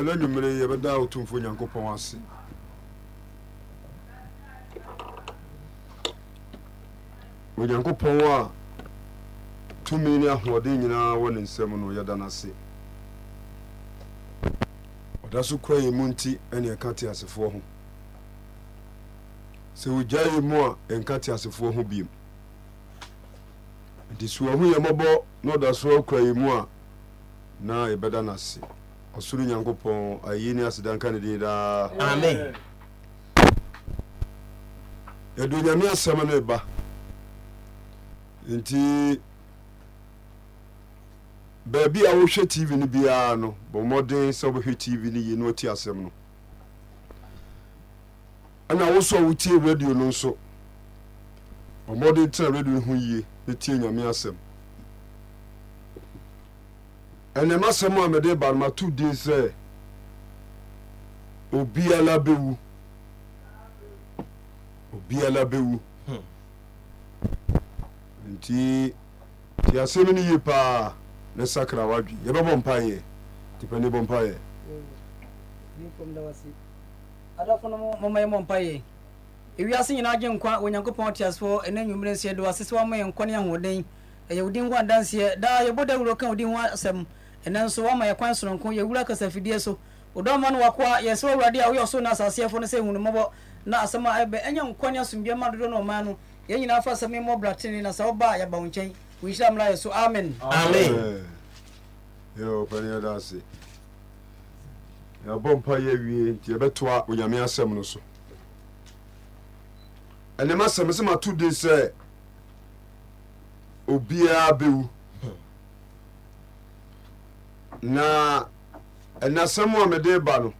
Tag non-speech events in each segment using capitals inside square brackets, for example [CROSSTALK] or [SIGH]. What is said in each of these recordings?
ɛna nwummere yi yɛbɛda ɔtumfoɔ nyankopɔn ase onyankopɔn a tumi ne ahoɔden nyinaa wɔ ne nsɛm no yɛda no ase ɔda so kura yɛ mu nti ɛne ɛka te asefoɔ ho sɛ wogyae yɛ mu a ɛnka te asefoɔ ho biom nti sɛ wahu yɛ mmɔbɔ na ɔda so akura yɛ mu a na yɛbɛda no ase ɔsoro nyankopɔn ayi ne asedanka ne din daa amen yɛde onyame asɛm no ba nti baabi a wohwɛ tv no biara no bɔ sɛ wobɛhwɛ tv no yie na wati asɛm no ɛna wo so a wotie radio no nso bɔ tena radio no ho yie na tie nyame asɛm ɛnɛ masɛm a mede baremato din sɛ eh, obiara bɛwu obiara bɛwu hmm. nti ti asɛm no yie paa ne sakra wadwe yɛbɛbɔ mpaeɛ nti pɛne bɔ mpaeɛ adafo no moma yɛ mɔ mpaeɛ ewiase nyinaa gye nkwa onyankopɔn teasefoɔ ɛna nwummerɛ nsiɛ do ase sɛ wama yɛ nkwa ne ahoɔden ɛyɛ wodin ho adanseɛ daa yɛbɔ dawuro ka wodin ho asɛm ɛnanso wama yɛkwan sononko yɛwura kasafidiɛ so ɔdɔma no wakoa yɛsɛ wɔ awurade a woyɛ ɔsoro no asaseɛfoɔ no sɛ hu na asɛm a ɛbɛ ɛnyɛ nkɔ ne asomdwa ma dodo no ɔman no yɛn nyinaa fa asɛm mmɔ bratene na sɛ woba yɛba wo nkyɛn wɔnhyira mmara yɛ so amen amen ase yɛabɔ mpa yɛ awie nti yɛbɛtoa onyame asɛm no so ɛnɛm asɛm sɛ mato din sɛ obiara bɛwu na ɛnasɛm a mede ba no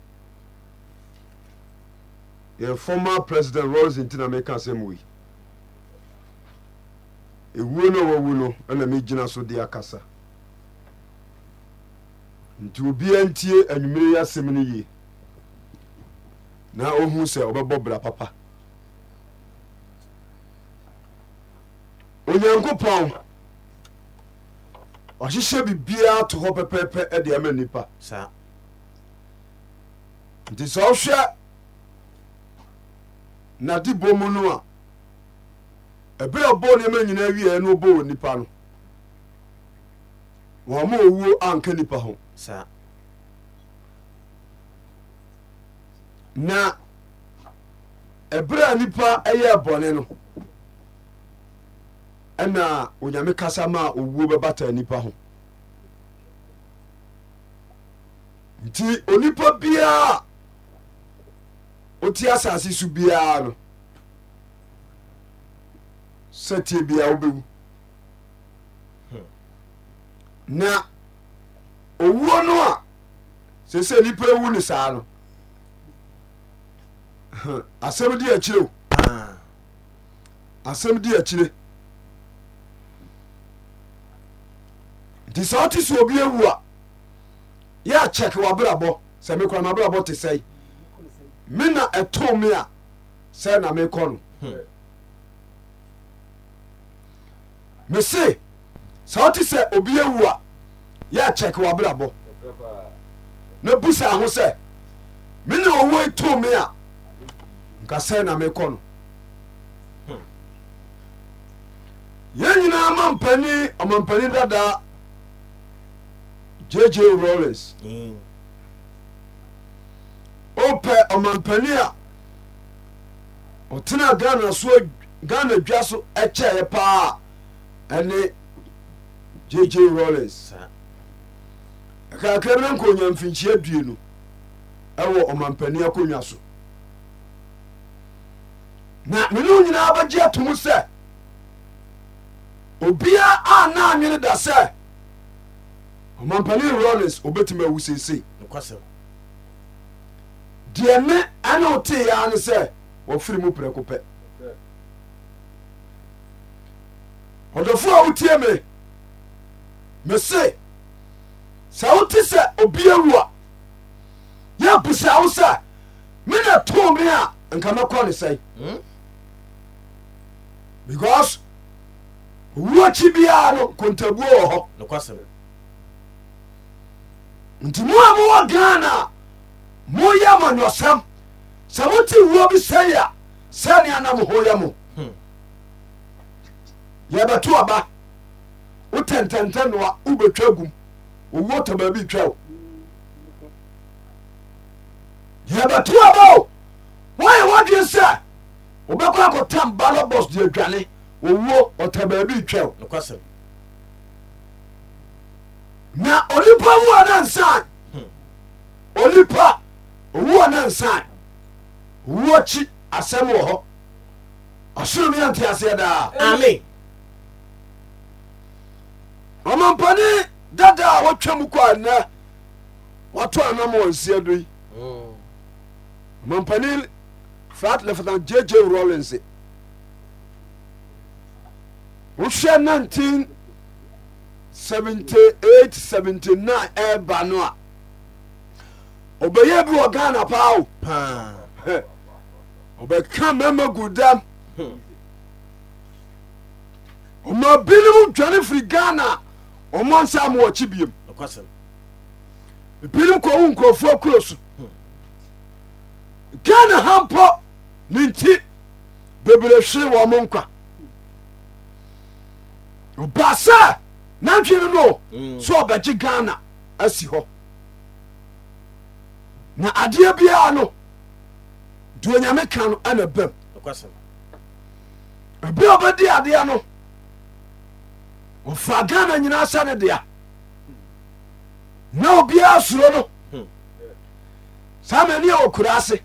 yɛ former president rosen nti na meka asɛm wei ɛwuo no wɔwu no ɛna megyina so de akasa nti obiaa ntie anwumere yi asɛm no yie na ohu sɛ ɔbɛbɔ bra papa onyankopɔn ɔhyehyɛ biribiara to hɔ pɛpɛɛpɛ de ama nipa nti sɛ ɔhwɛ nade bɔ mu no a ɛberɛ ɔbɔɔ nneɛma nyinaa wieɛ no ɔbɔ wɔ nipa no wɔn ma owuo anka nipa ho na ɛberɛ a nipa ɛyɛ bɔne no ɛna onyame kasa ma owuo bɛbata nipa ho nti onipa biara wote asase so biara no sɛtie biara wobɛwu na owuo no a sɛsɛ nipa ewu ne saa no [LAUGHS] asɛm di akyire o ah. asɛm di akyire. nti sɛ wote sɛ obi awu a yɛ kyɛk wabrabɔ sɛ mekora mabrabɔ te sɛe me na ɛtoo me a sɛ na mekɔ no hmm. mese sɛ wote sɛ obi awu a yɛ kyɛk wabrabɔ na bu saa ho sɛ me na ɔwɔ ɛtoo me a nka sɛ na mekɔ no hmm. yɛn nyinaa mampani ɔmampani dadaa J.J. Rowlands mm. ɔpɛ ɔmampanin a ɔtena Ghana so Ghana dwa so ɛkyɛɛ paa ɛne J.J. Rowlands kakra bi na nkonya mfinhyia due no ɛwɔ ɔmampanin akonnwa so na mene wo nyinaa bɛgye ato mu sɛ obiaa a na anwene da ɔmampani rnes obɛtumi awu sesei deɛ me ɛne wo tee yaa ne sɛ wɔfire mu prɛ ko pɛ ɔdɔfoɔ a wotie me mese sɛ wote sɛ obia wua yɛ pusa wo sɛ menɛ too me a nka mɛkɔ ne sɛn hmm? because owua kyi bia no kontaabuo wɔ hɔ nti moa mowɔ ghana moyɛ manwɔsɛm sɛ mote wuo bi sɛi a sɛnea na mohoyɛ mo hmm. yɛbɛto aba wotɛntɛntɛ noa wobɛtwa gum owuo ta baabi twa o yɛbɛto aba o woyɛ wodwe sɛ wobɛkɔ akɔtam balobos de adwane owuo ɔta baabi twa na onipa wu ana nsan onipa owu ana nsan owu akyi asɛm wɔ hɔ ɔsoro mi yɛnte aseɛ daa amen ɔmampani dada a wɔtwa mu kɔ anɛ wɔto anam wɔ nsia do yi ɔmampani fat leftan jj rollins wohwɛ 19 78 79 ɛɛba no a ɔbɛyɛ bi wɔ ghana paa o ɔbɛka mɛma gu dam ɔma binom dwane firi ghana ɔmɔ nsa ma wɔkyi biam binom kɔwo nkurɔfoɔ kuro so ghana ha ne nti bebree hwere wɔ mo nkwa ɔba nantwe no no mm. sɛ ɔbɛgye ghana asi hɔ na adeɛ biaa no de onyame ka no anaba m obi a ɔbɛdi adeɛ no ɔfa ghana nyinaa sɛne dea na obiara suro no hmm. saa mani a wɔkura ase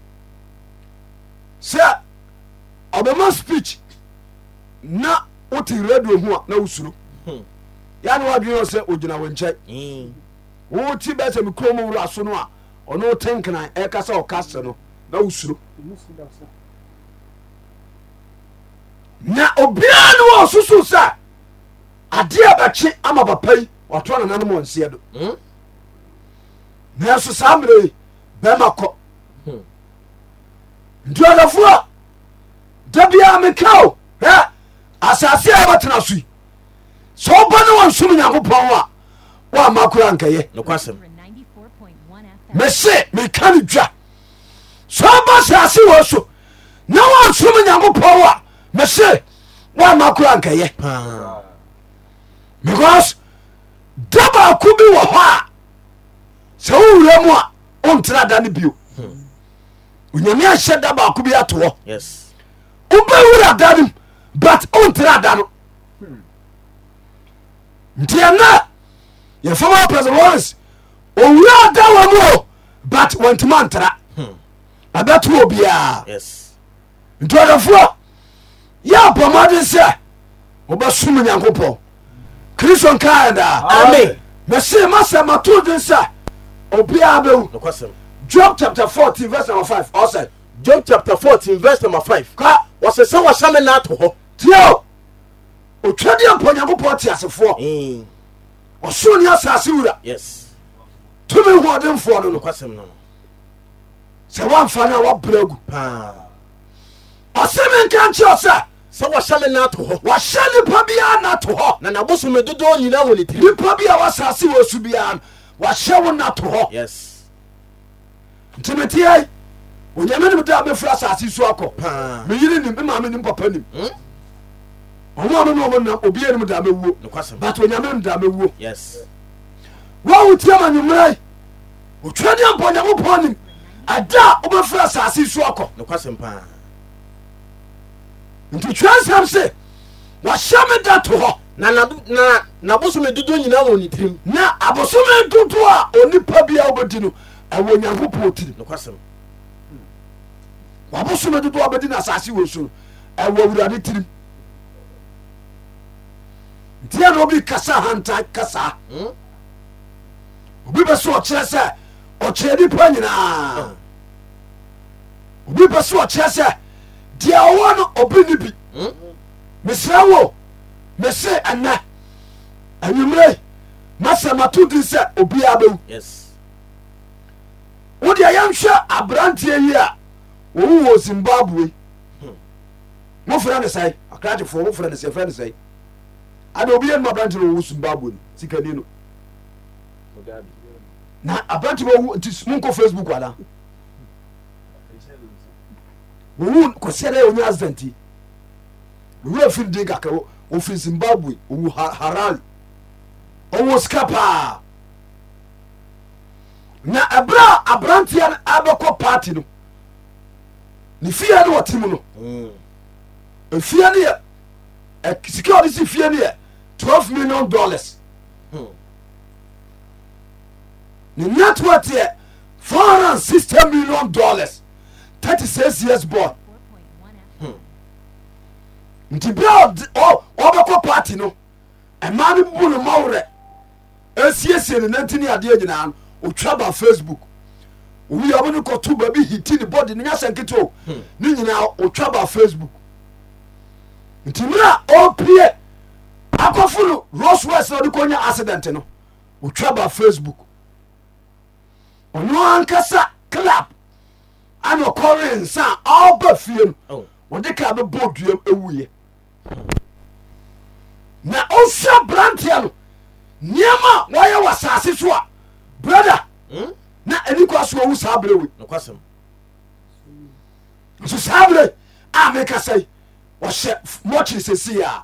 sɛ ɔbɛma speech na wote radohu a na wosuro yàrá wà dùn yẹn sẹ ogyina wọn nkyɛn hmm. wọn ti bẹ sẹ mi kúrò wura so no a ɔno te nkran ɛkasa ɔkasa no na osuro na obiara ni wọn soso sɛ adeɛ bɛkye ama papa yi wato nananom wɔn nseɛ do hmm. nanso saa mmerɛ yi bɛrima kɔ hmm. ntuadafoɔ dabiara meka o hɛ asase a yɛbɛtena so yi sɛ wobano wonsom nyankopɔn a wamma koroankayɛ mɛse meka no dwa so aba saase wɔ aso na wansom nyankopɔn a mɛse waamma koro ankayɛ because dabaako bi wɔ hɔ a sɛ wowura mu a ontra ada no bio onyame ahyɛ dabaako bi atowɔ wobwura adanom but ontra da no nti ɛna yɛfama apresenoes owuraa da wa mu o but wɔntima ntra ɛbɛtoɔbiaa hmm. ntoadefoɔ yɛ abɔ maden sɛ wɔbɛsom nyankopɔn kristion caenda mɛse masɛ matoo den sɛ obiaa bɛwujob s wame n hɔ otwade mpa nyankopɔn teasefoɔ son sase wrt ewamfa nwrahynawssesyɛwo nath ntimet onyamenomdaefr sase ameyen nnapan ɔmo ano na ɔmo nam obi anim da abɛwuo but onyame no da abɛwuo wɔwo tia ma nwummera yi otwa ne ampɔ nyankopɔn nim ada a wobɛfiri asase so akɔ nti twa nsɛm se wɔhyɛ me da to hɔ na abosome dodo nyinaa wɔ ne tirim na abosome dodo a onipa bia wobɛdi no ɛwɔ nyankopɔn tirim wabosome dodo a wobɛdi no asase wɔ su no ɛwɔ awurade tirim nobikasa hantasa obi bɛ so ɔkyerɛ sɛ ɔkyerɛ ni pa nyinaa obi bɛ so ɔkyerɛ sɛ deɛ ɔwɔ no obi ne bi meserɛ wo mese ɛnɛ awumerɛ masɛ mato di sɛ obiabɛm wodeɛ yɛnhwɛ abrantie yia wɔwuwɔ zimbabwe hmm. wo frɛ ne sɛ ana obi yɛ no aberante no ɔwu zimbabwe no sikani no na aberante no ɔwu nti monkɔ facebook ana owu kɔsiɛ dɛ ɔnyɛ accident owura firi den kakra ofiri zimbabwe owu harare ɔwɔ sika na ɛberɛ a aberanteɛ no abɛkɔ party no ne fie no wɔte mu no ɛfie mm. no yɛ sika ɔde si fie no yɛ million larsne network ɛ fsxte million dollars tat seasias bɔ nti beraɔbɛkɔ party no ma ne bubu no mɔwerɛ asiesie ne nantini adeɛ nyinaa n otwa ba facebook owiabnekto babi hitine bd ne nyasɛnketeo hmm. ne nyinaa wotwa ba facebook ntimere akɔfo no rosswers na wɔde kɔnya accident no wɔtwa ba facebook ɔno ankasa clab anakɔre nsa aga fie n wɔde oh. kaa bɛbɔɔ duam ɛwuiɛ na ɔsa brantiɛ no nneɛma wɔyɛ w' sase so a brotha hmm? na ani kwa sowu saaberɛ wei nso saaberɛ a mekasɛe ɔhyɛ mɔchere sesii a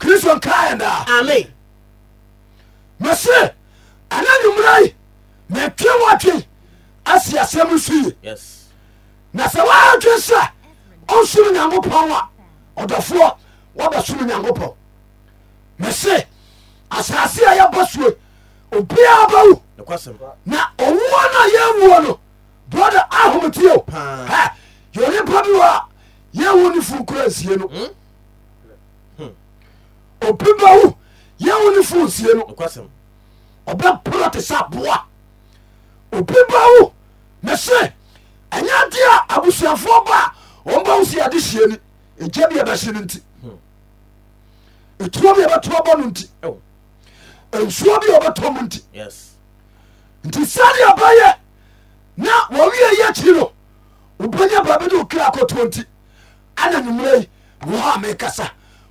iso me se ɛna nwumera yi mentwe wɔtwe asiasɛm sue na sɛ wɔatwe sɛ ɔnsun nyankopɔn a ɔdɔfoɔ woaba son nyankopɔn me se asase a yɛbɔ sue obeaa bawu na ɔwoa no a yɛawuo no boda ahometeo yɛye pa bi hɔ a yɛwɔ ne fu kora nsie no hmm? obi bɛwu yɛwo ne fo nsie no ɔbɛporɔ te sɛ boa obi bɛwu ne se ɛnyɛ de a abusuafoɔ ba a ɔmbɛwo si ade sie ni nkyɛ bi yɛbɛhye no nti ɛturo hmm. bi yɛbɛtoro bɔ no nti nsuo bi yɛbɛtɔ mu nti nti sɛdeɛ ɔbɛyɛ na wɔwie yɛ akyi no wobɛnya baabi de okira akɔtoɔ nti ana nwummerɛ yi wɔ hɔ a mekasa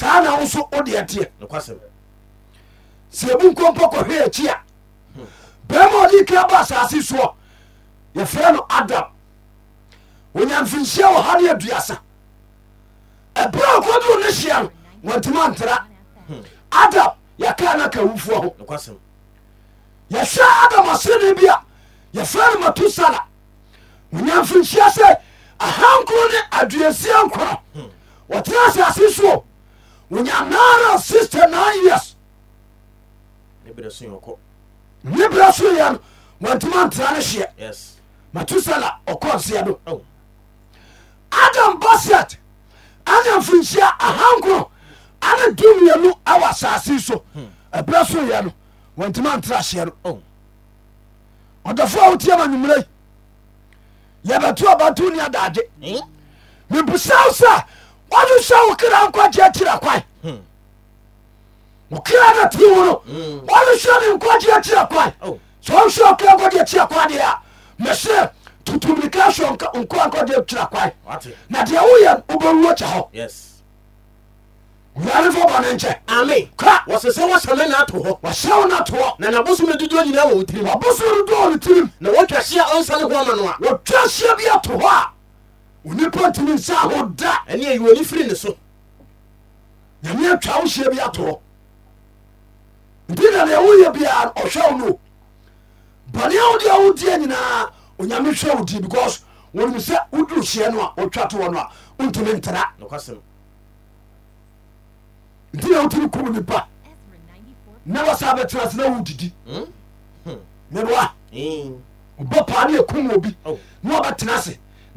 saa na woso wodeɛ teɛ sɛ ɛbu nkɔmpɔ kɔhwɛ akyi a bɛrima ɔde kra ba asase soɔ yɛfrɛ no adam onyamfinhyia wɔ ha ne aduasa ɛberɛ ɔkɔduru ne hyia no wɔntimi ntra adam yɛkaa no kawufoɔ ho yɛhwɛ adam asene bi a yɛfrɛ no matusala onyamfinhyia sɛ ahankoro ne aduasia nkorɔ hmm. wɔtena asase soɔ nara s yeasne bɛ soɛ no wɔntima ntra no oh. hmm. hyeɛ matu sɛla ɔkɔ seɛ do adam baset adafonhyia ahank anamiamu awɔ sase so abrɛsoɛ no wntima ntrahyeɛ oh. no ɔdafo wotiama nwumra yɛbatubatneadagye hmm? eposa sa e okkra aa a onipa timi nsa ho da ɛne ayiwani firi ne so nyame atwa wo hyia bi atoɔ nti na deɛ woyɛ biara ɔhwɛ wo no bɔne a wodeɛ wodeɛ nyinaa onyame hwɛ wo di because wɔnim sɛ woduru hyeɛ no a wotwa to wɔ no a wontumi ntera nti na wotumi kom nipa na wɔsa bɛtena ase na wodidi hmm? hmm. medoa wobɔ paa ne yɛkum obi oh. na wɔbɛtena ase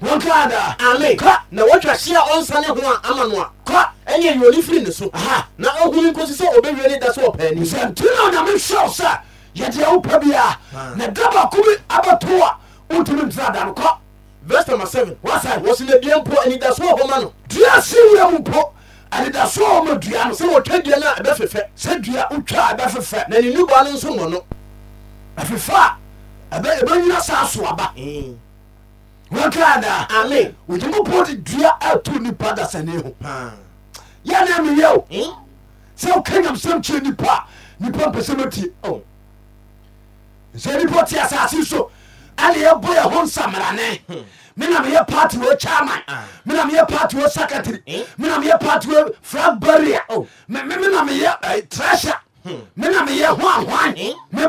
wɔnkaada ame ka na wɔatwa hye a ɔnsane ho a ama no a ka ɛnyɛ yɛni firi ne so aha na ɔhumi nkosi sɛ ɔbɛwie ne da sɛ ɔpaani sɛ nti na ɔname hyɛw sɛ yɛde awopa biaa na da baako bi abɛto a wontumi ntra da no kɔ vs nm 7 wasa wɔsi na dua mpo anidasoɔ hɔ ma no dua se wura mu mpo anidasoɔ hɔ ma dua no sɛ wɔtwa dua no a ɛbɛfefɛ sɛ dua wotwa a ɛbɛfefɛ na nenubaa no nso nɔ no ɛfefa a ɛbɛnyina saa so aba mm. kmpode dua ato nip dasnho yɛnmeyɛ se keyam samkhe nipa nip mpesemte nip tasase so alyɛboyɛ hosamerane hmm. menamyɛ party charmanprtysecretarryfeny ah. oh. eh, trsureenyho hmm.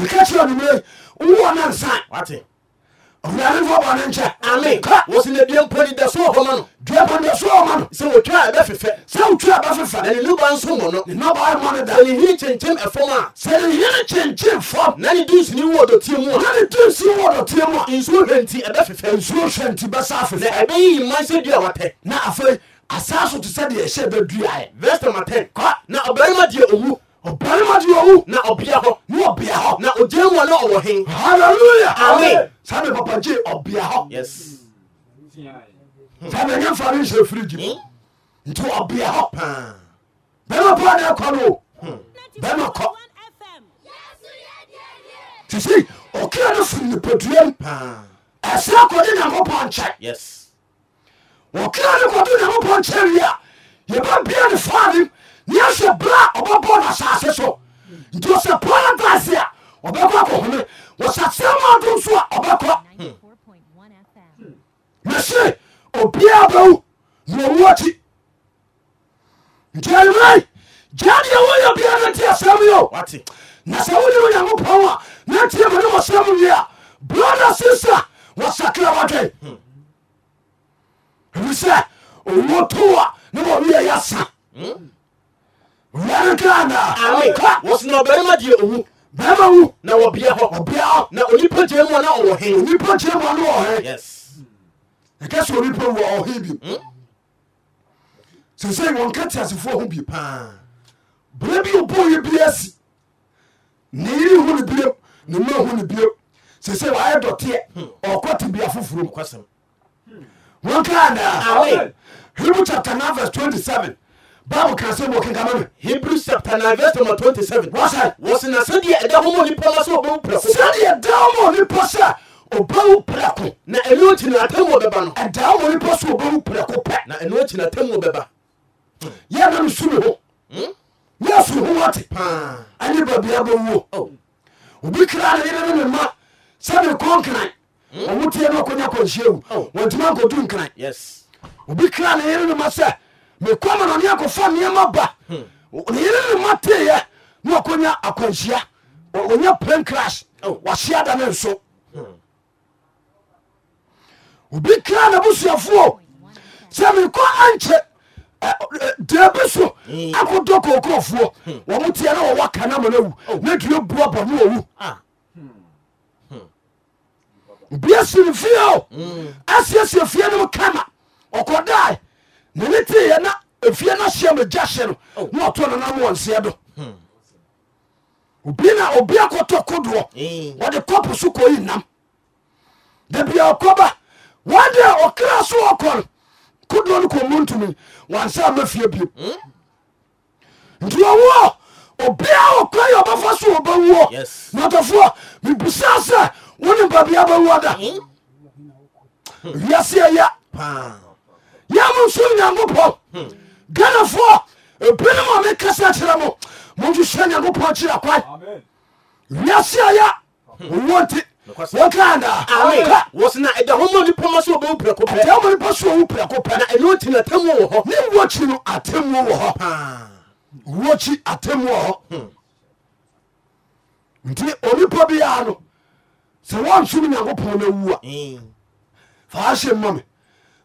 meka kyerɛ nomere wowɔ no nsa ɔwuranefo bɔ ne nkyɛ ame ka wɔsi na dua mpa dida so ɔhɔ ma no dua mpa dida so ɔhɔ ma no sɛ wɔtwa ɛbɛfefɛ sɛ wotwa ɛbɛfefɛ na ne noba nso mɔ no ne noba mɔ no da na ne hene kyɛnkyɛm ɛfam a sɛ ne hene kyɛnkyɛm fam na ne duns ne wɔ dɔteɛ mu a na ne duns ne wɔ dɔteɛ mu a nsuo hwɛ nti ɛbɛfefɛ nsuo hwɛ nti bɛsa afefɛ na ɛbɛyiyi man sɛ dua wɔpɛ na afei asaa so te sɛ deɛ ɛhyɛ bɛduaɛ vɛs nama 10 na ɔbarima deɛ ɔwu ɔbarima de ɔwu na ɔbea hɔ ne ɔbea hɔ na ɔgyina mu a na ɔwɔ he hallelujah amen saa de papa gye ɔbea hɔ yes saa de ɛnyɛ mfa ne nhyɛ firi gyi nti ɔbea hɔ paa bɛrima pa ne ɛkɔ no bɛrima kɔ sisi ɔkira no firi nipadua mu ɛsɛ kɔde nyankopɔn nkyɛn ɔkira no kɔde nyankopɔn nkyɛn wie a yɛbɛbia ne faa ne neasɛ bra ɔbɔbɔnasase so nti ɔsɛ paradise a ɔɛkɔko on wsasɛm adoso a ɔbɛkɔ hmm. mese obiaa bɛwu na ɔwoakyi ntiema ga nea wɔyɛ bia n ntiasɛm nasɛ wonanynkopɔa nantiemne bɔsɛm e a bratha sista wɔsakra bɔdwe ebisɛ hmm. ɔwo toa ne bɔrea yɛasa hmm. wɔsena ɔbarima deɛ ɔwu bɛrima wu na wɔbea hɔ ɔbea na onipa gyina mu a na ɔwɔ he onipa gyina mu a na ɔwɔ he ɛkɛ sɛ onipa wu a ɔwɔ he bi sɛsɛ hmm? wɔn ka te asefoɔ ho bi paa bere bi ɔbɔ yi bi asi ne yiri hu ne bio ne mma hu ne bio sɛsɛ wɔayɛ dɔteɛ hmm. ɔkɔ te bia foforɔ mu wɔn kaa naa Hebrew chapter nine, verse twenty-seven. bibe krse kea hebr a dda npoo pao kaa kr mekɔmano ne akɔfa nneɛma ba neyere hmm. ne ma teeɛ na wakɔnya akwanhyia ɔnya plan crash oh. wasea da ne nso hmm. obi kra nabosuafoɔ sɛ mekɔ ankyɛ daabi so hmm. akɔdɔ kookurɔfoɔ wɔmo teɛ na wɔwɔ kana ma no awu oh. na dua bua bɔ ne wɔwu ah. obia sine fie o asiesie fie no m kama ɔkɔdae nane teeɛ na ɛfie no hyeɛ megya hye no oh. na ɔtɔ nanamoɔ nseɛ do obi na obi akɔtɔ kodoɔ wɔde kɔpo so kɔyi nam da bia ɔkɔba wade ɔkra so ɔkɔ no kodoɔ no kɔmu ntumi wansa ma fie bio hmm? nti ɔwoɔ obiaa ɔkra yɛ ɔbɛfa so ɔbɛwuɔ natɔfoɔ mebusa sɛ wone babia bɛwuɔ da hmm? wiase ɛyɛ yamomsom nyankopɔn hmm. ghanafoɔ ebinom a mekasa kyerɛ mo monhwehwɛ nyankopɔn kyerɛ kwae wiase ayɛ hmm. owɔ nti wɔsna ɛda homa nipa ma sɛ wɔbɛwo prɛko pɛma nipa so wɔwo prɛko pɛ na ɛno nti na atammu wɔ hɔ ne wɔkyi no atammu wɔ hɔ wɔkyi atammu wɔ hɔ hmm. nti onipa biara no sɛ wɔnsom nyankopɔn no awu a fa ahyɛ mma me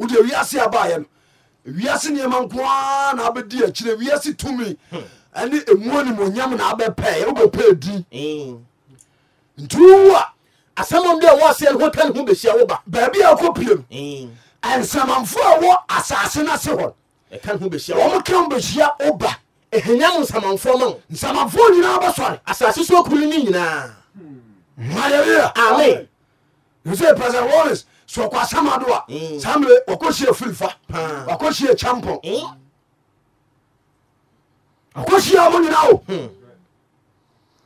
wode wiase abayɛ no wiase nneɛma nkoa na abɛdi akyirɛ wiase tumi ɛne ɛmu animonyam na abɛpɛɛ wobɛpɛɛ din hmm. nti di. a asɛmam de a wɔaseɛ no hotwa ne ho bɛhyia wo ba baabi a wokɔ pie no ɛnsamanfo hmm. a wɔ asase no ase hɔ wɔmo ka ho bɛhyia wo ba ɛhenya mo nsamanfoɔ ma wo nsamanfoɔ nyinaa bɛsɔre asase so akuru no nyinaa hmm. mayɛwea ame ɛsɛ president wallace so ɔkɔ asama do a saa mmerɛ wɔkɔ sie firifa wɔkɔ sie champon wɔkɔ sie ɔmo nyina o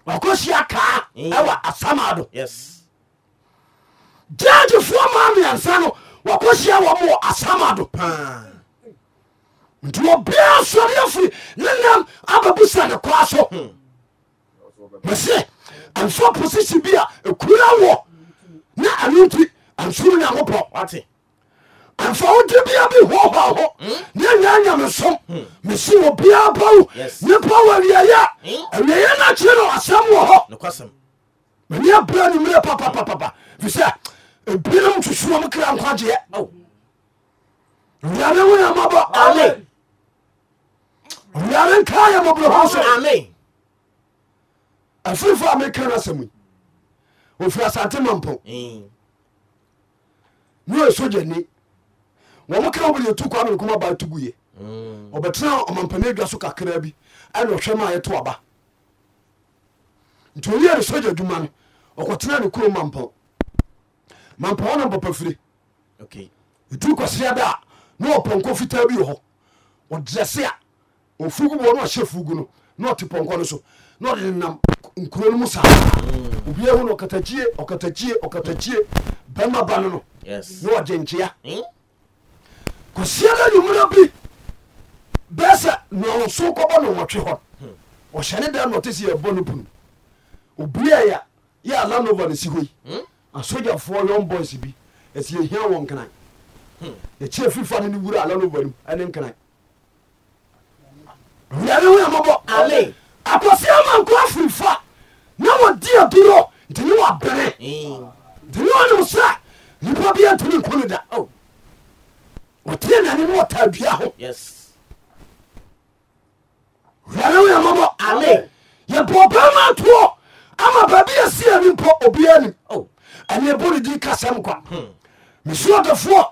wɔkɔ sie kaa ɛwɔ asama do gyaagyefoɔ maa mmiɛnsa no wɔkɔ sie wɔn wɔ asama do nti wɔbea sɔre afiri ababusa ne kɔa so mɛsɛ ɛmfa posisi bi a ɛkura na ɛno nti ansum nyankopɔn wate amfa wode bia bi hohoho hmm? ne nya nyame som hmm. mese wɔ biaa pawo nipa wɔ awieyɛ hmm? awieyɛ no akyerɛ no asɛm wɔ hɔ papapapa ebinom mabɔ a asante woyɛ sogyani wɔmo ka wobɛde tu kwa menekoma ba to guyɛ ɔbɛtena ɔmampane adwa so kakra bi ɛne ɔhwɛ ma yɛto aba nti ɔyɛ ne sogya adwuma no ɔkɔtena ne kuro mampɔ mampɔ hɔ na mpapa fire ɛtu kɔseɛ da a na ɔpɔnkɔ fitaa bi wɔ hɔ ɔdrɛse a ofurugu bɔ na ɔhyɛ furugu no na ɔte pɔnkɔ no so na ɔde nam nkuro no mu saa obiaa hu no ɔkatakyie ɔkatakyie ɔkatakyie bɛma ba no no Hmm? na wɔgye nkyea kɔsia no anwummerɛ bi bɛɛ sɛ nɔnso kɔbɔ no wɔtwe hɔ hmm. ɔhyɛne da na ɔte sɛ yɛbɔ no bunu obiaɛ a yɛ alanova no si hɔ yi hmm? asogyafoɔ young boys bi ɛsi yɛhia wɔ nkran yɛkyi afifa no ne wura alanova no ɛne nkran wurade ho yɛmɔbɔ akɔsia ma nkɔ afirifa na wɔdi aduro nti ne wɔbere nti ne wɔnem sra nipa bi atumi nko da ɔteɛ nane na ɔta adua ho wurare wo yɛmɔbɔ ale yɛbɔ bɛma atoɔ ama baabi yɛsia no mpɔ obiaa nim ɛne ɛbɔ ne di kasɛm kwa hmm. mesu ɔdɔfoɔ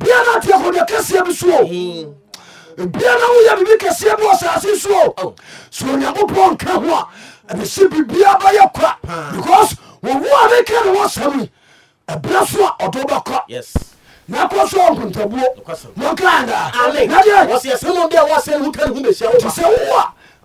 bia no ateɛ hɔ kɛseɛ bi soo hmm. bia no woyɛ biribi kɛseɛ bi wɔ soo so onyankopɔn nka ho a ɛbɛsɛ biribia bɛyɛ kwa hmm. because wɔwu a ne ka ne wɔ sɛm yi ɛbrɛ so a ɔde wobɛkɔ na so nkontabuo monkaandaanti wo a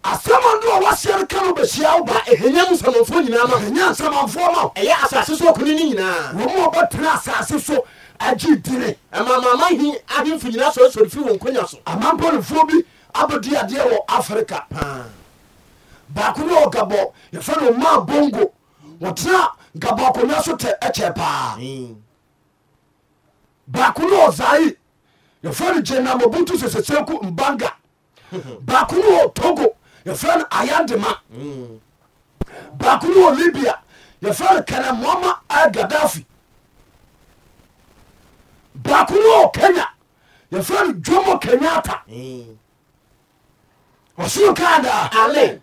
asɛm ndo a waseɛ no ka no bɛhyia wo ba ɛhɛnya nsamanfoɔ nyinaa ma ɛhɛnya nsamanfoɔ ma ɛyɛ asase so ɔkone no nyinaa wɔma ɔbɛtena asase so agye dini ɛmamama hi ahemfo nyinaa sɔresɔre firi wɔ nkonya so amampanimfoɔ bi abɛdi adeɛ wɔ afirika baako ne ɔgabɔ yɛfɛ no ɔmaa bongo wɔtena nkabako naso te ɛchɛ paa bako no ɔ zayi yɛfɛne jenamabuto seseseku mbanga baako no [LAUGHS] ɔ togo yɛfɛ no ayandema mm. baako no ɔ libia yɛfɛno kenemɔma agadafi baako noɔ kenya yɛfɛ no djomo kenyata sono kad a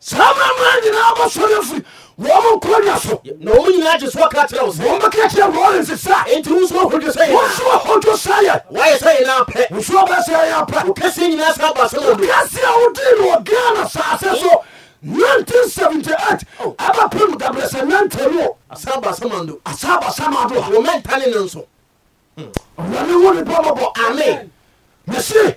saa mramra nyinaa bɛsɔre afiri wɔm nkuro nya so na wɔn nyinaa gye so ka kyerɛ wo sɛ wɔmbɛka kyerɛ lɔrense sa enti wo so ahodwo sɛ wo so ahodwo sa yɛ woayɛ sɛ yɛnaa pɛ wo so abɛsɛ yɛ apɛ wokɛseɛ nyinaa sa ba sɛ wɔdo kaseɛ a wodii no wɔ ghana saasɛ so 1978 ɛbɛpem dabrɛsɛ nantanuɔ asaba samando asaba samando a wɔmɛntane ne nso ɔwɔne wo ne bɔmɔbɔ ame mese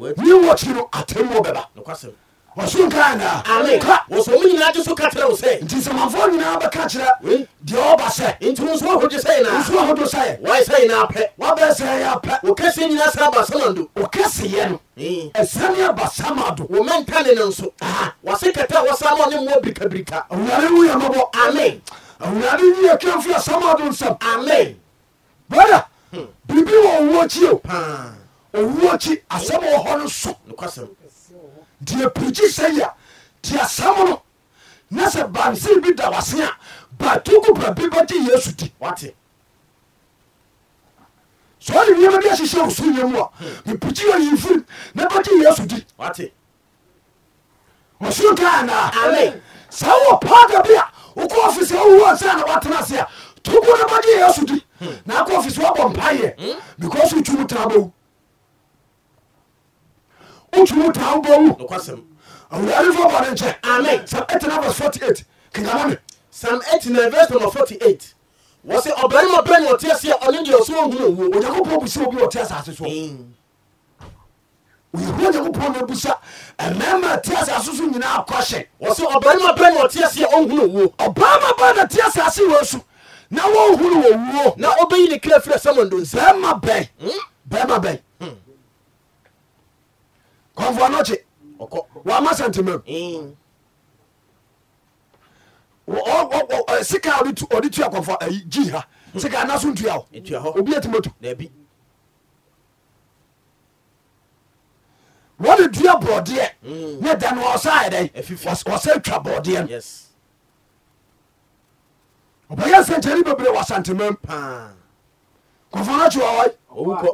ne wɔhyi no atammuɔ bɛba ɔsoro nkaa naa wɔsɛ mo nyinaa gye so ka kyerɛ wo sɛ nti nsɛmanfoɔ nyinaa bɛka kyerɛ deɛ ɔba sɛ nti wo nso wahodwe sɛ nyinaa nso wahodo sɛ wae sɛ nyinaa pɛ wabɛɛ sɛ yɛ apɛ wo kɛseɛ nyinaa sɛ aba samando wo kɛseyɛ no ɛsɛne aba samado wo mɛnta ne no nso wase kɛtɛ wɔsa ma ɔne mmoa birikabirika awurade woyɛ mɔbɔ amen awurade yiyɛ kamfi asamado nsɛm amen brada hmm. biribi wɔ wo akyi owu akyi asɛm wɔ hɔ no so deɛ pirikyi sɛ yia te asɛm no na sɛ bansere bi da wase a batoko pra bi bɛgye yesu di sɛ ɔne nneɛma bi ahyehyɛ wo so hmm. yɛ mu a mepirikyi yɛ yifirim na bɛgye yesu di ɔsoro ka anaa sɛ wɔ paada bi a wokɔ ɔfise wowu ansɛ na woatena ase a toko na bɛgye yesu di hmm. na akɔ ɔfise woabɔ mpayɛ hmm. because wotwu mu tra bɛwu ntumi taa wo wu awurade fɔ bɔne nkyɛ amen 89 verse 48 kenkama me psalm 89 verse number 48 wɔ sɛ ɔbarima bɛne ɔte aseɛ ɔne deɛ ɔsɛ ɔhunu owuo onyankopɔn busa obi ɔte asase so oyɛhu onyankopɔn na busa ɛmɛma te asase so nyinaa kɔhye wɔ sɛ ɔbarima bɛne ɔte aseɛ ɔhunu owuo ɔbarima bɛne na te asase wɔ su na wɔnhunu wɔ wuo na ɔbɛyi ne kra firi sɛ mɔndonsa bɛn bɛrima bɛn hmm? ɔnfɔ anɔkye wama santimam eh. eh, sika ɔde tua kɔfa ayi gyi ha sika hmm. anaso ntua o obi atuma tu wɔde dua borɔdeɛ hmm. ne da no ɔsa yɛ dɛ ɔsɛ twa borɔdeɛ no ɔbɛyɛ nsɛnkyɛnne bebree wɔ asantemam kɔfa no akyi wɔwɔe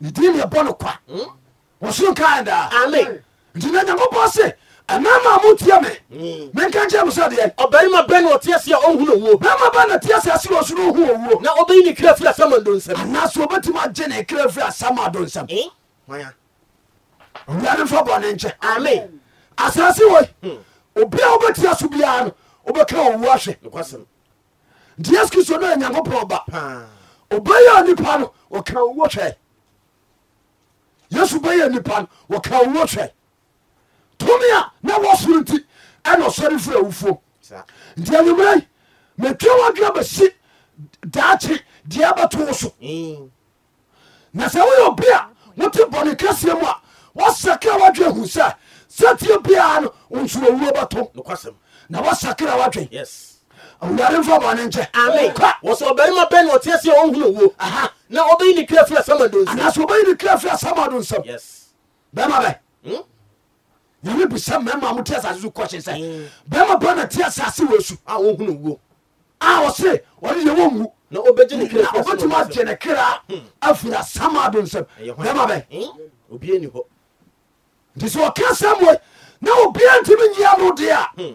ne diri ne ɛbɔ no kwa hmm? wɔsoro kaa daa ame nti na nyankopɔn se ɛna ma motia me hmm. menka nkyɛ mo sɛ deɛ ɔbarima bɛ na ɔte aseɛ ɔhu no owuo bɛma bɛ na te aseɛ ase wɔ so no ɔhu owuo na ɔbɛyi ne kra firi asɛm ado nsɛm anaasɛ ɔbɛtumi agye ne kra firi asɛm ado nsɛm owura eh? ne mfa bɔne nkyɛ ame asase wei hmm. obia wobɛtia so biara no wobɛka ɔwu ahwɛ nti yesu kristo no yɛ nyankopɔn ba ɔbɛyɛ onipa no ɔka owuo hwɛ yesu bɛyɛ nipa no wɔka owuo hwɛ tumi a na wɔsoro nti ɛna ɔsɔre firi awufuo nti anwummerɛ metwa wadua bɛsi daakye deɛ bɛto wo so mm. na sɛ woyɛ obi a wote bɔne kɛseɛ mu a wasakra wadwe hu sɛ sɛtie biara no onsoro wuo bɛto na wasakra wadwen awurarefo bɔne nkyɛ wɔ sɛ ɔbarima bɛ ne ɔteɛ sɛ ɔhunu wo na ɔbɛyi ne kra firi asamado nsɛmanasɛ ɔbɛyi ne kra firi asamado nsɛm bɛma bɛ hmm? nyame bisɛ mmarima mo te asase so kɔkye sɛ hmm. bɛma bɛ na te asase wɔ su a ɔhunu wo a ɔse ɔne yɛ wɔnwu na ɔbɛtumi agye ne kra hmm. afiri asamado nsɛm bɛma bɛ nti sɛ ɔka sɛm wei na obia ntimi nyia no deɛ a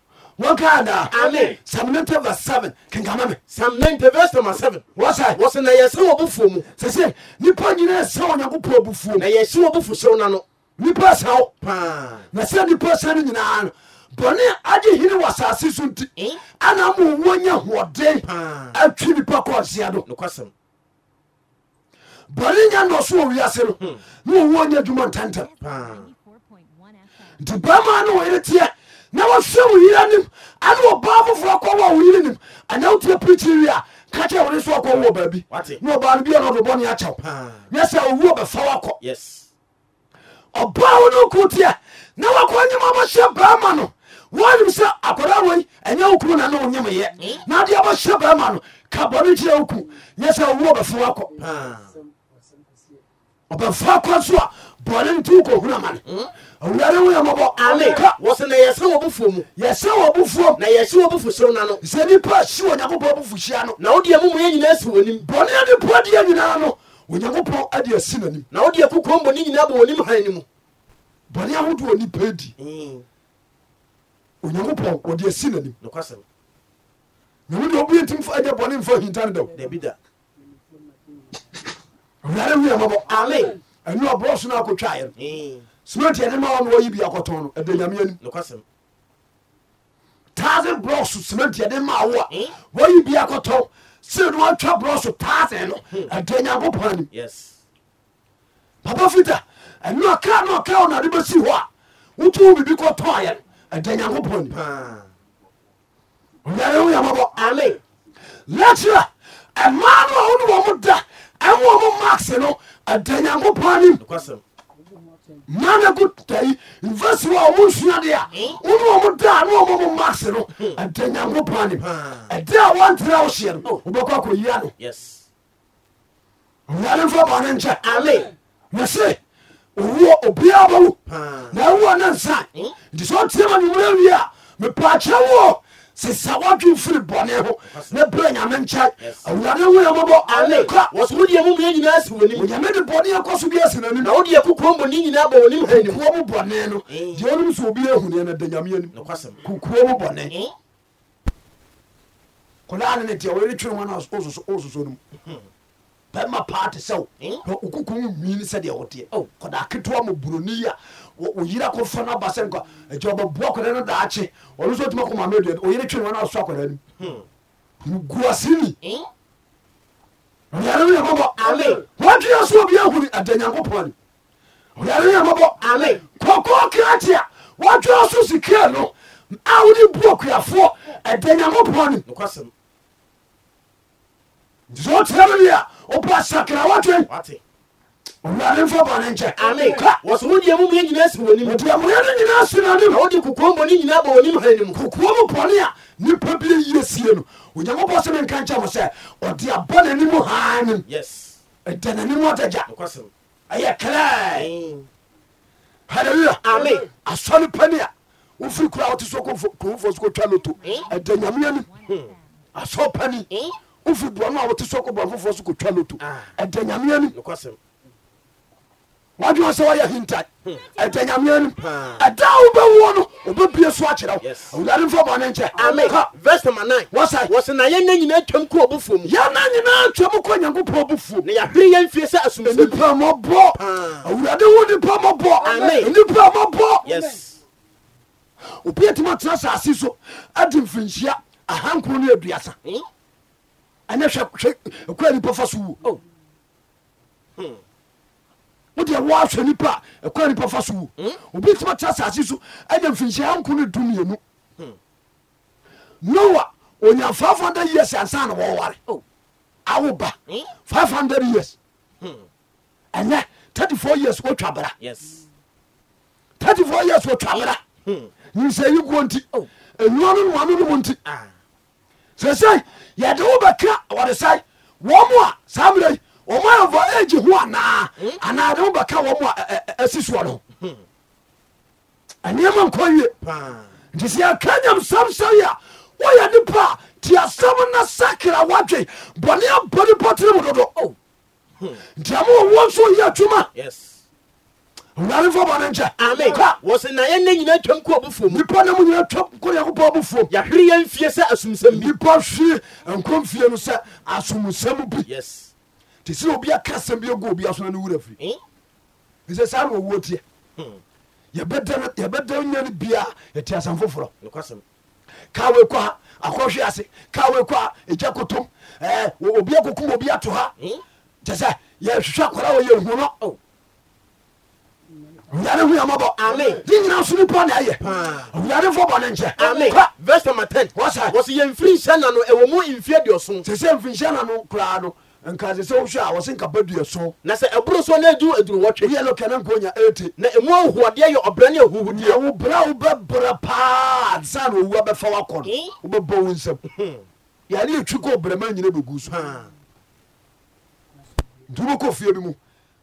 s0yɛ sɛbfmunipa nyinasɛnyankopɔ bfuobfsnipasanasɛnipa sano nyinaa no bɔne aye hene w sase so nti eh? anamaɔwɔ nya hɔde atwi nipa sea d bɔne nyanɔsowiase no hmm. na wnya adwuma nanamnt bama no ereɛ na wɔsɛ wo yere anim ane wɔba foforɔ kɔwɔ wo yere nim ɛna wotia prikyiri wie a ka kyerɛ wone so wɔkɔ wowɔ baabi na ɔbaa no bia na ɔdobɔne akyɛw nyɛ sɛ owuo bɛfa wakɔ ɔbaa wo no ko teɛ na wakɔ nyɛma bɔhyɛ baama no wɔnim sɛ akɔda wei ɛnyɛ wo kunu na ne wo nyemeyɛ na adeɛ bɔhyɛ baama no ka bɔne kyerɛ wo ku nyɛ sɛ owuo bɛfa wakɔ ɔbɛfa kɔ so a bɔne nti wo kɔhunu amane awurade wo yɛ mɔbɔ ame wɔsɛ na yɛsɛ wɔ bofuo mu yɛsɛ wɔ bofuo na yɛhye wɔ bofusom na no sɛ nipa hye wɔ onyankopɔn bofuhyia no na wode amumuyɛ nyinaa asi w'anim bɔne ade poa deɛ nyinaa no onyankopɔn ade asi n'anim na wode akokɔ mbɔne nyinaa bɔ w'anim han no mu bɔne ahodoɔ nipa adi onyankopɔn wɔde asi n'anim nyamede ɔbuyɛ tim fa agya bɔne mfa hinta no dɛw awurade wo yɛ mɔbɔ ame ɛne ɔborɔ so no akɔtwaeɛ hmm. no cement ɛne ma wɔma wɔyi bi akɔtɔn no ɛda nyame ani thousand blocks cement ɛne ma wo a hmm. wɔyi bi akɔtɔn sɛ no wɔatwa blocks thousand hmm. no ɛda nyankopɔn ani papa fita ɛne ɔka na ɔka wo nade bɛsi hɔ a wotu wo biribi kɔtɔɔyɛ no ɛda nyankopɔn ani ɔyare wo yamabɔ ale lecture ɛma no a wo ne wɔ mo da ɛmo ɔmo marks no ɛda nyankopɔn anim mana ko tai invest wa ɔmo nsua de a wone ɔmo da ne ɔmo mo marks no ɛda nyankopɔn anim ɛda a wantra wo hyeɛ no wobɛkɔ akɔyia no owurade mfa bɔne nkyɛ na se owuo obiaa bɛwo na ɛwoɔ ne nsa nti sɛ ɔtiama nwumera wie a mepaakyerɛ woɔ sesa wadwe mfiri ho na brɛ nyame nkyɛ awurade woyɛmɔbɔ aleka wɔsomodiɛ mu mea nyinaa si w'anim onyame de bɔne ɛkɔ so bi asi n'anim na wodeɛ kokuo mbɔne nyinaa bɔ w'anim kukuo mu bɔne no eh. deɛ wonom sɛ obi ahuneɛ no da nyame anim kukuo mu bɔne eh. kodaa ne ne deɛ wɔyere twere ho na wososo no mhm. bɛma paa te sɛ wo eh. wokuku mu nwin sɛdeɛ woteɛ oh. kɔdaa ketewa mu buroni a oyira ko fa no ba sɛ nka ɛti ɔbɛboa akwadaa no daakye ɔno nso tumi akoma amadu oyere twe wɔn aso akwadaa no hmm. guasini ɔyare eh? no yɛ mɔbɔ wɔtwe so obi ahuri ada nyankopɔn ni ɔyare no yɛ mɔbɔ kɔkɔɔ kratia wɔtwe so sikia no a wode bu akuafoɔ ɛda nyankopɔn ni nti sɛ wotera no deɛ wopɛ sakra wɔtwe ɔwurade mfa bɔne nkyɛ ame wɔso wo deɛ mumuyɛ nyinaa si wɔnim nti amoyɛ no nyinaa si no anim na wode kokoɔ mmɔne nyinaa bɔ wɔnim hanim kokoɔ mu bɔne a nnipa bi ayie sie no onyankopɔn sɛ menka nkyɛ mo sɛ ɔde abɔ n'anim haa nim ɛda n'anim ɔdagya ɛyɛ klaa halleluya ame asɔre pani a wofiri kora wote so kuromfoɔ so kɔtwa loto eh? ɛda nyame anim hmm. asɔre pani eh? wofiri boa no a wote so kɔboa fofoɔ so kɔtwa loto ah. ɛda nyame anim wadwene sɛ wayɛ hintae hmm. ɛda nyameɛ nom ɛda wobɛwuo no wobɛbie so akyerɛ wo awurade mfa bɔne nkyɛ wɔsɛ na yɛna nyinaa twam kɔ ɔbofuo mu yɛna nyinaa twam kɔ nyankopɔn ɔbofuo na yɛahwere yɛ mfie sɛ asomsɛ nipa mɔbɔ awurade wo nipa mɔbɔ nipa mɔbɔ obi atumi atena asase so ade mfirinhyia ahankoro no aduasa hmm? ɛnɛ hwɛ kura nipa fa so wuo oh. hmm wode wɔahwɛ nipa a ɛkwa nipa fa so wo hmm? obi tuma tera asase so ɛnya mfinhyia nko no dumienu hmm. noa onya 500 years ansa na wɔware oh. awo ba 500 hmm? years ɛnɛ 34 years wotwa bra 34 years wotwa bra nsɛ yi guo nti ɛnua oh. no noano no mu nti ah. sɛsɛi yɛde wo bɛka wɔde sɛe wɔ mo a saa mmerɛ yi ɔmo ayɛ voyage ho anaa anaa de wobɛka wɔ mo asi soɔ no ɛnneɛma nkɔ yie nti sɛ yɛka nyam sam sɛi a woyɛ nipa a nti asɛm na sakra woadwe bɔne abɔ nipa mu dodo nti ama wɔwɔ nso yɛ adwuma wurare mfa bɔne nkyɛ wɔsɛ na yɛnɛ nyina twam kɔ bofuom nipa na mu nyina twam kɔ nyankopɔn bofuom yɛhwere yɛmfie sɛ asomsɛm bi nipa hwere nkɔ mfie no sɛ asomsɛm bi yes nti sɛ obi aka sɛm bi agu obi asona no wura firi ɛsɛ eh? saa na ɔwuo teɛ hmm. yɛbɛda nya no bia yɛte asɛm foforɔ kawe kɔ ha akɔhwe ase kawe kɔ ha ɛgya kotom eh, obi akokum obi ato ha kyɛ eh? sɛ yɛhwehwɛ akɔra wɔ yɛ oh. hu no hu amabɔ ne nyina so nipa na ɛyɛ owurade fo bɔ ne nkyɛ vs 10 wɔsɛ yɛmfiri nhyɛ na no ɛwɔ mu mfie duɔso sɛ sɛ mfiri nhyɛ na no koraa no nkase sɛ wohwɛ a wɔse nkapa duaso na sɛ ɛboro so na adu aduruwɔtwe yɛlo kɛne nka onya 80 na ɛmu ahoɔdeɛ yɛ ɔbrɛ ne ahuhudeɛ wo bra wobɛbrɛ paa ansa na owua bɛfa wakɔ no eh? wobɛbɔ wo nsɛm yɛne yɛtwi kɔ brɛma nyina bɛgu so nti wobɛkɔ fie bi mu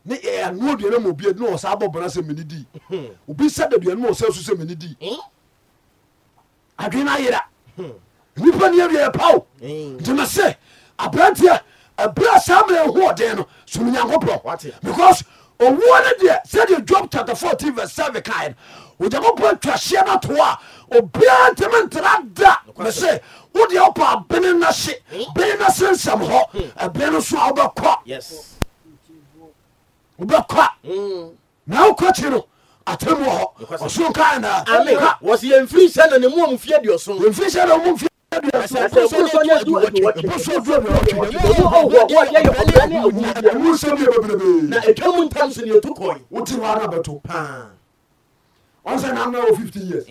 ne ɛnoa eh, aduane ma obi ne wɔ saa bɔ bana sɛ mene dii obi sɛ da aduane ma ɔsɛ so sɛ mene dii eh? adwene ayera nnipa ne awiɛ yɛ pao nti mesɛ aberanteɛ ɛberɛ saa mmerɛ ɛhu ɔden no som nyankopɔn because owuo no deɛ sɛdeɛ job chapter fourteen verse seven, 7 kae no onyankopɔn atwahyeɛ no to a obiaa ntimi ntera da me se wodeɛ wopɛ abene no hye hmm? bene no sensɛm hɔ hmm. ɛbene no so a wobɛkɔ wobɛkɔ hmm. na wokɔ kyi no atemu wɔ hɔ ɔsoro kae naa wɔsɛ yɛmfiri hyɛ na ne mu a mufie aduɔson yɛmfiri hyɛ na mu mfie na atwa mu ntam so neɛtu kɔe wote hɔ ara bɛto paa ɔnsɛ nam na wɔ 50 years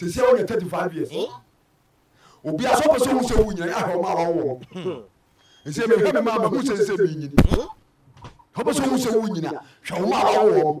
sɛsia wonyɛ 35 years obia sɛ wopɛ sɛ wo sɛ wo nyina ahwɛ ma wɔwɔ ɛsɛ mehwɛ me ma mahu sɛ sɛ menyini wopɛ sɛ wo sɛ wo nyina hwɛ wo ma wɔwɔ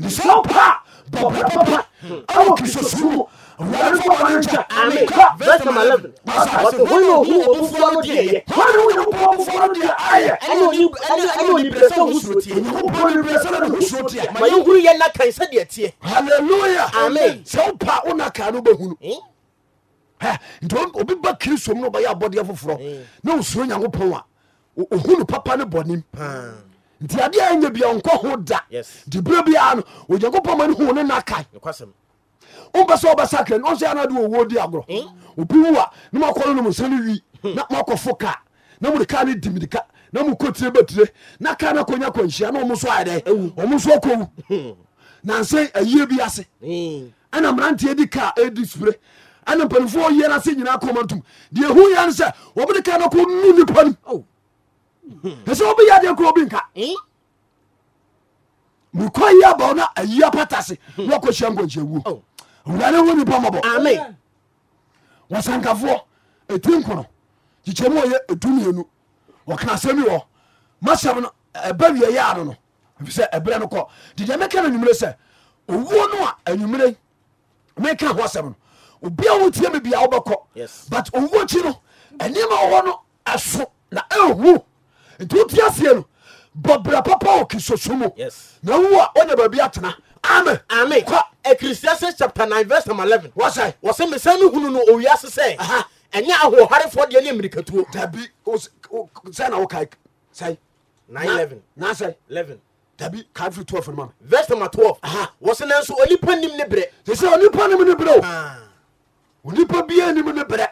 nti sɛ wopa bɔbrɛ papa awɔ kristosom mu awurade bɔba no nkyɛ ame verse number eleven wɔsɛ wɔn na ohun ofufuo no deɛ yɛ wɔn na ohun ofufuo ofufuo no deɛ ayɛ ɛna oni ɛna ɛna oni bɛsɛ ohun suro tie ohun oni bɛsɛ na ohun suro ma yɛ huru yɛ naka nsa deɛ tie hallelujah amen sɛ wopa wo naka no bɛhunu nti obi ba kristo mu na ɔbɛyɛ abɔdeɛ foforɔ na osuro nyankopɔn a ohunu papa ne bɔnim nti adeɛ ɛnyɛ bia nkɔ ho da nti berɛ biaa no onyankopɔn ma ne hu ne nakae wompɛ sɛ wobɛsa kra no ɔsɛ anade wɔwɔ di agorɔ hmm? obi wu a na moakɔ no nom nsa no wi na moakɔfo ka na mode ka no di mirika na mokɔtire bɛtire na ka no akɔnya kwanhyia na ɔmo so ayɛ dɛ ɔmo so akɔwu hmm. nansɛ ayie bi ase hmm. ɛna mmeranteɛ di ka ɛdi spire ɛna mpanimfoɔ yɛ no ase nyinaa kɔma ntom deɛ ɛhu yɛ no sɛ wɔbɛde ka no kɔ nu nipa no ɛsɛ wobɛyɛ deɛ kuro bi nka eh? mekɔ yi abao na ayia patase na hmm. wakɔhyia nkɔnhyia wuo oh. wurade ho nipa mɔbɔ wɔsankafoɔ ɛtiri nkono kyikyɛmu ɔyɛ ɛtumienu wɔkena asɛm bi wɔ masɛm no ɛba wie yɛ ano no ɛfisɛ ɛberɛ no kɔ nti deɛ mɛka no anwumerɛ sɛ owuo no a anwumerɛ meka ho asɛm no obia wo tie me bia wobɛkɔ but owuo kyi no ɛnema wɔwɔ no ɛso na ɛhu nti wotiaseɛ no bɔbra papa wɔ kisoso mu na wowa wonya baabi atena amen amen kɔ ecclesiastes chapter nine verse number eleven wɔsɛ wɔsɛ mesan mi hunu no owiase sɛ ɛnyɛ ahoɔharefoɔ deɛ ne mmirikatuo dabi sɛ na wokae sɛe nine eleven nasɛ eleven dabi kae firi twelve no ma verse number twelve Aha. wɔsɛ nanso onipa nim ne berɛ sɛ sɛ onipa nim ne berɛ o ah. onipa bia nim n ber ona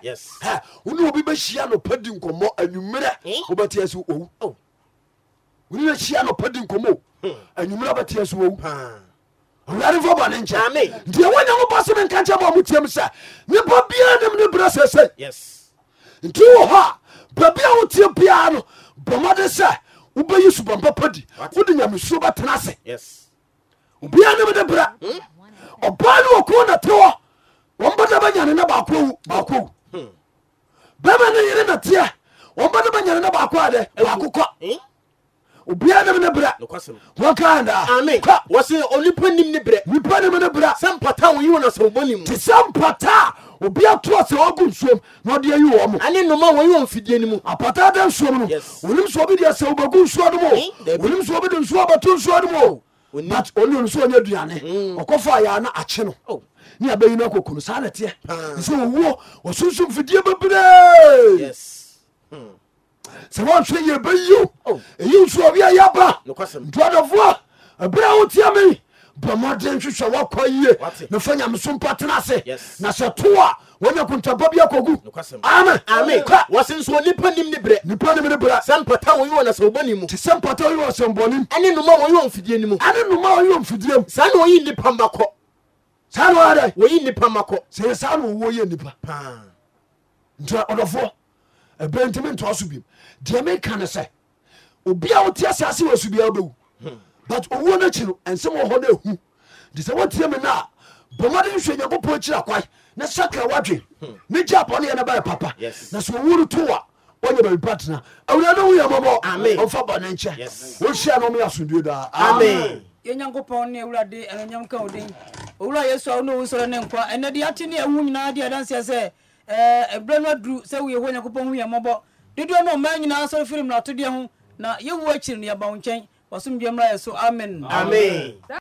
np dɛ wonyamobɔsome nka kyɛbɔmotiam sɛ nipa biaa nim no bera sesei ntiwo hɔ a babi a wotie bia no bɔmɔde sɛ wobɛyɛ su bampa padifode nyamesuo bɛtena ase oi nimn ber hmm? ɔbaa n wkonatw wɔmbɛda bɛnyane na baako baako bɛma ne yere nateɛ wɔmbɛda bɛnyane na baako adɛ baako kɔ obiara nem ne berɛ wɔkadaa wɔse onipa nim ne berɛ nipa nim ne berɛ sɛ mpata wo yiwɔ nasɛwobɔne mu te sɛ mpataa obi atoa sɛ wagu nsuom na ɔde ayi wɔ mu ane noma wɔyi wɔ mfidie no mu apata da nsuom no onim sɛ obi deɛ sɛ wobɛgu nsuo no mu onim sɛ obi de nsuo bɛto nsuo no mu but ɔnunuso nyɛ duane ɔkɔfa mm. ayɛ no oh. akye no neyabɛyina akokono saa neteɛ sɛowuo ɔsonsom fidie bebree hmm. sɛ wantwe yɛ bɛyio oh. yinsuweayɛba ntoadɔfoɔ abrɛwo tiame bɛ mɔde nhwehwɛ wokɔ ye n fa nyame sompa tena ase na sɛ toa wɔnya kuntampa bia kɔgu amen amen ka wɔsi nso nipa nim ne brɛ nipa nim ne brɛ sɛ mpata wɔyi wɔ nasɔgbɔ ni mu te sɛ mpata wɔyi wɔ sɛnbɔni mu ɛne noma wɔyi wɔ nfidie ni mu ɛne noma wɔyi wɔ nfidie mu saa na wɔyi nipa ma kɔ saa na wɔyɛ dɛ wɔyi nipa ma kɔ sɛ saa na wɔwɔ yɛ nipa paa nti ɔdɔfoɔ ɛbɛn ntɛmɛ ntɔ so bi deɛ mi ka ne obi a wɔte asase wɔ so biara bɛwu hmm. but owuo n'akyi no nsɛm wɔ hɔ na ehu nti sɛ wɔtie mi na bɔnmɔden hwɛ nyankopɔn akyiri akwae na sɛka wadwe ne gya bɔne ɛna bɛyɛ papa na sɛ ɔwuro to a ɔnyɛ baabi pa tena awura no woyɛ mɔbɔ ɔmfa bɔne nkyɛ wɔhyia no ɔmyɛ asomdue daa amen yɛnyankopɔn ne awurade ɛnonyam ka wo den owura yesu a wo ne owu sɔrɔ ne nkwa ɛnɛ de ate ne ɛwu nyinaa deɛ ɛdanseɛ sɛ ɛberɛ no aduru sɛ woyɛ hɔ nyankopɔn hu yɛ mmɔbɔ dodoɔ no ɔma nyinaa sɔre firi mmratodeɛ ho na yɛwu akyiri no yɛba wo nkyɛn wasomdwe mmra yɛ so amen amen